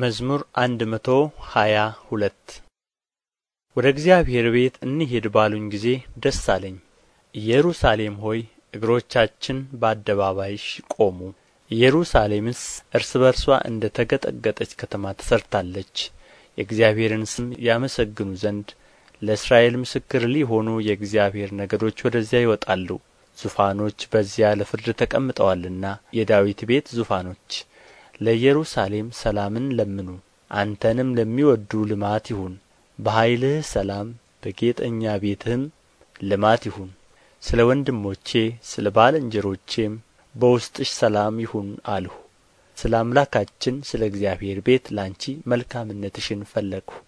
መዝሙር አንድ መቶ ሀያ ሁለት ወደ እግዚአብሔር ቤት እንሄድ ባሉኝ ጊዜ ደስ አለኝ። ኢየሩሳሌም ሆይ እግሮቻችን በአደባባይሽ ቆሙ። ኢየሩሳሌምስ እርስ በርሷ እንደ ተገጠገጠች ከተማ ተሠርታለች። የእግዚአብሔርን ስም ያመሰግኑ ዘንድ ለእስራኤል ምስክር ሊሆኑ የእግዚአብሔር ነገዶች ወደዚያ ይወጣሉ። ዙፋኖች በዚያ ለፍርድ ተቀምጠዋልና የዳዊት ቤት ዙፋኖች ለኢየሩሳሌም ሰላምን ለምኑ አንተንም ለሚወዱ ልማት ይሁን በኃይልህ ሰላም በጌጠኛ ቤትህም ልማት ይሁን ስለ ወንድሞቼ ስለ ባልንጀሮቼም በውስጥሽ ሰላም ይሁን አልሁ ስለ አምላካችን ስለ እግዚአብሔር ቤት ላንቺ መልካምነትሽን ፈለግሁ